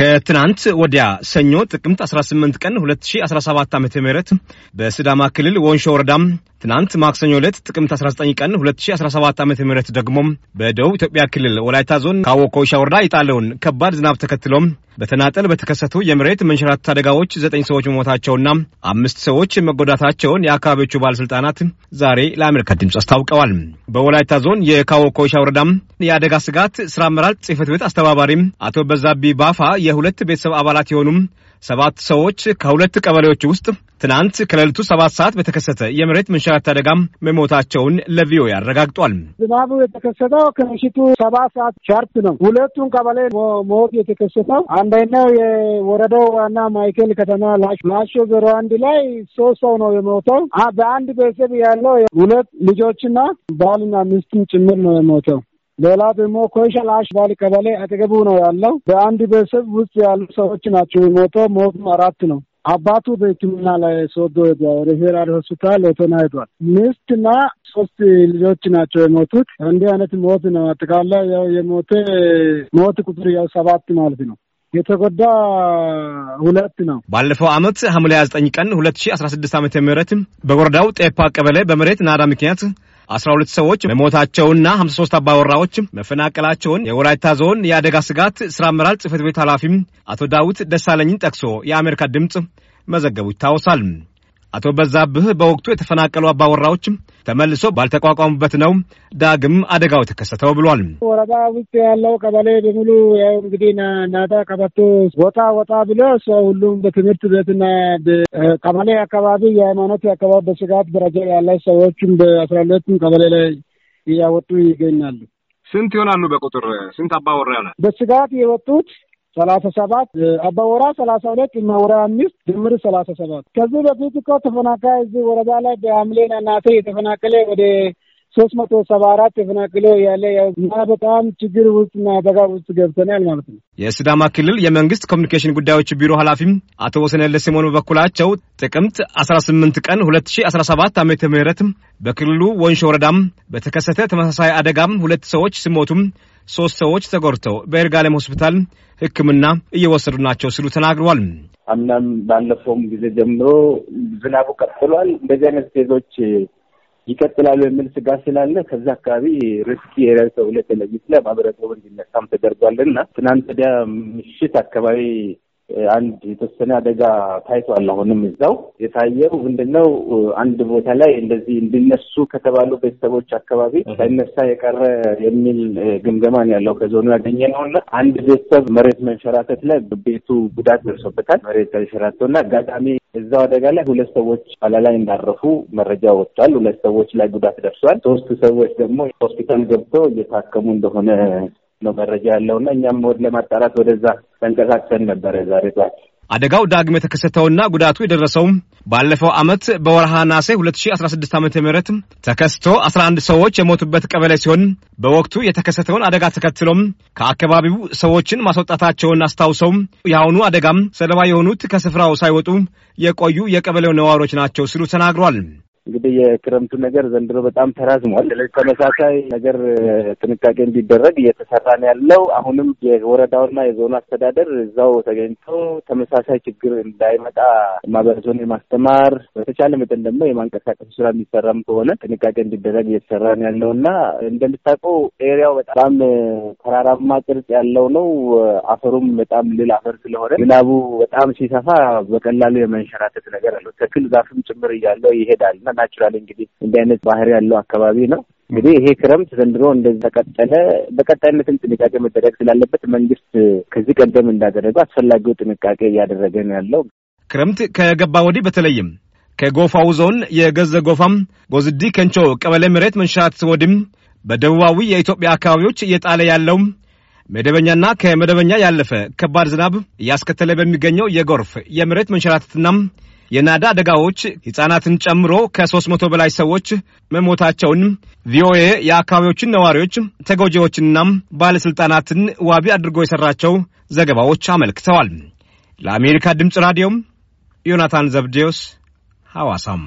ከትናንት ወዲያ ሰኞ ጥቅምት 18 ቀን 2017 ዓ ም በስዳማ ክልል ወንሾ ወረዳም ትናንት ማክሰኞ ዕለት ጥቅምት 19 ቀን 2017 ዓ ም ደግሞ በደቡብ ኢትዮጵያ ክልል ወላይታ ዞን ካዎ ኮይሻ ወረዳ የጣለውን ከባድ ዝናብ ተከትሎም በተናጠል በተከሰቱ የመሬት መንሸራተት አደጋዎች ዘጠኝ ሰዎች መሞታቸውና አምስት ሰዎች መጎዳታቸውን የአካባቢዎቹ ባለሥልጣናት ዛሬ ለአሜሪካ ድምፅ አስታውቀዋል። በወላይታ ዞን የካዎ ኮይሻ ወረዳም የአደጋ ስጋት ስራ አመራር ጽህፈት ቤት አስተባባሪም አቶ በዛቢ ባፋ የሁለት ቤተሰብ አባላት የሆኑም ሰባት ሰዎች ከሁለት ቀበሌዎች ውስጥ ትናንት ከሌሊቱ ሰባት ሰዓት በተከሰተ የመሬት መንሸራት አደጋም መሞታቸውን ለቪኦኤ አረጋግጧል። ዝናቡ የተከሰተው ከምሽቱ ሰባት ሰዓት ሻርፕ ነው። ሁለቱን ቀበሌ ሞት የተከሰተው አንደኛው የወረዳው ዋና ማይከል ከተማ ላሾ ዜሮ አንድ ላይ ሶስት ሰው ነው የሞተው። በአንድ ቤተሰብ ያለው ሁለት ልጆችና ባልና ሚስትን ጭምር ነው የሞተው። ሌላ ደግሞ ኮይሻል ባል ቀበሌ አጠገቡ ነው ያለው። በአንድ ቤተሰብ ውስጥ ያሉ ሰዎች ናቸው የሞቶ ሞቱ አራት ነው። አባቱ በሕክምና ላይ ሶዶ ሪፌራል ሆስፒታል ሆቶና ሄዷል። ሚስትና ሶስት ልጆች ናቸው የሞቱት። እንዲህ አይነት ሞት ነው። አጠቃላይ ያው የሞተ ሞት ቁጥር ያው ሰባት ማለት ነው። የተጎዳ ሁለት ነው። ባለፈው ዓመት ሐምሌ 29 ቀን 2016 ዓ ም በወረዳው ጤፓ ቀበሌ በመሬት ናዳ ምክንያት አስራ ሁለት ሰዎች መሞታቸውና ሀምሳ ሶስት አባወራዎች መፈናቀላቸውን የወላይታ ዞን የአደጋ ስጋት ስራ አመራር ጽህፈት ቤት ኃላፊም አቶ ዳዊት ደሳለኝን ጠቅሶ የአሜሪካ ድምፅ መዘገቡ ይታወሳል። አቶ በዛብህ በወቅቱ የተፈናቀሉ አባወራዎች ተመልሶ ባልተቋቋሙበት ነው ዳግም አደጋው የተከሰተው ብሏል። ወረዳ ውስጥ ያለው ቀበሌ በሙሉ ያው እንግዲህ ናታ ቀበቶ ወጣ ወጣ ብሎ ሰው ሁሉም በትምህርት ቤትና ቀበሌ አካባቢ የሃይማኖት አካባቢ በስጋት ደረጃ ያለ ሰዎችም በአስራ ሁለቱም ቀበሌ ላይ እያወጡ ይገኛሉ። ስንት ይሆናሉ? በቁጥር ስንት አባወራ ይሆናል? በስጋት የወጡት ሰላሳ ሰባት አባወራ ሰላሳ ሁለት መውራ አምስት ድምር ሰላሳ ሰባት ከዚህ በፊት እኮ ተፈናቃይ እዚህ ወረዳ ላይ በሐምሌ ናናቴ የተፈናቀለ ወደ ሶስት መቶ ሰባ አራት ተፈናቅለው ያለ እና በጣም ችግር ውስጥና አደጋ ውስጥ ገብተናል ማለት ነው። የስዳማ ክልል የመንግስት ኮሚኒኬሽን ጉዳዮች ቢሮ ኃላፊም አቶ ወሰነለ ሲሞን በበኩላቸው ጥቅምት 18 ቀን 2017 ዓ ም በክልሉ ወንሽ ወረዳም በተከሰተ ተመሳሳይ አደጋም ሁለት ሰዎች ሲሞቱም ሶስት ሰዎች ተጎድተው በይርጋለም ሆስፒታል ሕክምና እየወሰዱ ናቸው ሲሉ ተናግረዋል። አምናም ባለፈውም ጊዜ ጀምሮ ዝናቡ ቀጥሏል። እንደዚህ አይነት ኬዞች ይቀጥላሉ የሚል ስጋት ስላለ ከዛ አካባቢ ሪስኪ ኤሪያ ተብሎ ተለይቶ ማህበረሰቡ እንዲነሳም ተደርጓል እና ትናንት ወዲያ ምሽት አካባቢ አንድ የተወሰነ አደጋ ታይቷል። አሁንም እዛው የታየው ምንድነው አንድ ቦታ ላይ እንደዚህ እንዲነሱ ከተባሉ ቤተሰቦች አካባቢ ሳይነሳ የቀረ የሚል ግምገማ ያለው ከዞኑ ያገኘ ነው እና አንድ ቤተሰብ መሬት መንሸራተት ላይ ቤቱ ጉዳት ደርሶበታል። መሬት ተንሸራቶ እና አጋጣሚ እዛው አደጋ ላይ ሁለት ሰዎች አላላይ እንዳረፉ መረጃ ወጥቷል። ሁለት ሰዎች ላይ ጉዳት ደርሷል። ሶስት ሰዎች ደግሞ ሆስፒታል ገብተው እየታከሙ እንደሆነ ነው መረጃ ያለው እና እኛም ወደ ለማጣራት ወደዛ ተንቀሳቅሰን ነበረ ዛሬ ጠዋት አደጋው ዳግም የተከሰተውና ጉዳቱ የደረሰውም ባለፈው ዓመት በወርሃ ናሴ 2016 ዓ ም ተከስቶ 11 ሰዎች የሞቱበት ቀበሌ ሲሆን በወቅቱ የተከሰተውን አደጋ ተከትሎም ከአካባቢው ሰዎችን ማስወጣታቸውን አስታውሰው የአሁኑ አደጋም ሰለባ የሆኑት ከስፍራው ሳይወጡ የቆዩ የቀበሌው ነዋሪዎች ናቸው ሲሉ ተናግሯል። እንግዲህ የክረምቱ ነገር ዘንድሮ በጣም ተራዝሟል። ተመሳሳይ ነገር ጥንቃቄ እንዲደረግ እየተሰራ ነው ያለው። አሁንም የወረዳውና የዞኑ አስተዳደር እዛው ተገኝቶ ተመሳሳይ ችግር እንዳይመጣ ማህበረሰቡን የማስተማር በተቻለ መጠን ደግሞ የማንቀሳቀስ ስራ የሚሰራም ከሆነ ጥንቃቄ እንዲደረግ እየተሰራ ነው ያለው እና እንደምታውቀው ኤሪያው በጣም ተራራማ ቅርጽ ያለው ነው። አፈሩም በጣም ልል አፈር ስለሆነ ዝናቡ በጣም ሲሰፋ በቀላሉ የመንሸራተት ነገር አለው። ተክል ዛፍም ጭምር እያለው ይሄዳል እና ናቹራል እንግዲህ እንዲህ አይነት ባህር ያለው አካባቢ ነው። እንግዲህ ይሄ ክረምት ዘንድሮ እንደዚህ ተቀጠለ በቀጣይነትም ጥንቃቄ መደረግ ስላለበት መንግስት ከዚህ ቀደም እንዳደረገው አስፈላጊው ጥንቃቄ እያደረገ ነው ያለው። ክረምት ከገባ ወዲህ በተለይም ከጎፋው ዞን የገዘ ጎፋም ጎዝዲ ከንቾ ቀበሌ መሬት መንሻት ወዲም በደቡባዊ የኢትዮጵያ አካባቢዎች እየጣለ ያለው መደበኛና ከመደበኛ ያለፈ ከባድ ዝናብ እያስከተለ በሚገኘው የጎርፍ የመሬት መንሸራተትና የናዳ አደጋዎች ሕፃናትን ጨምሮ ከሦስት መቶ በላይ ሰዎች መሞታቸውን ቪኦኤ የአካባቢዎችን ነዋሪዎች፣ ተጎጂዎችና ባለሥልጣናትን ዋቢ አድርጎ የሠራቸው ዘገባዎች አመልክተዋል። ለአሜሪካ ድምፅ ራዲዮም ዮናታን ዘብዴዎስ ሐዋሳም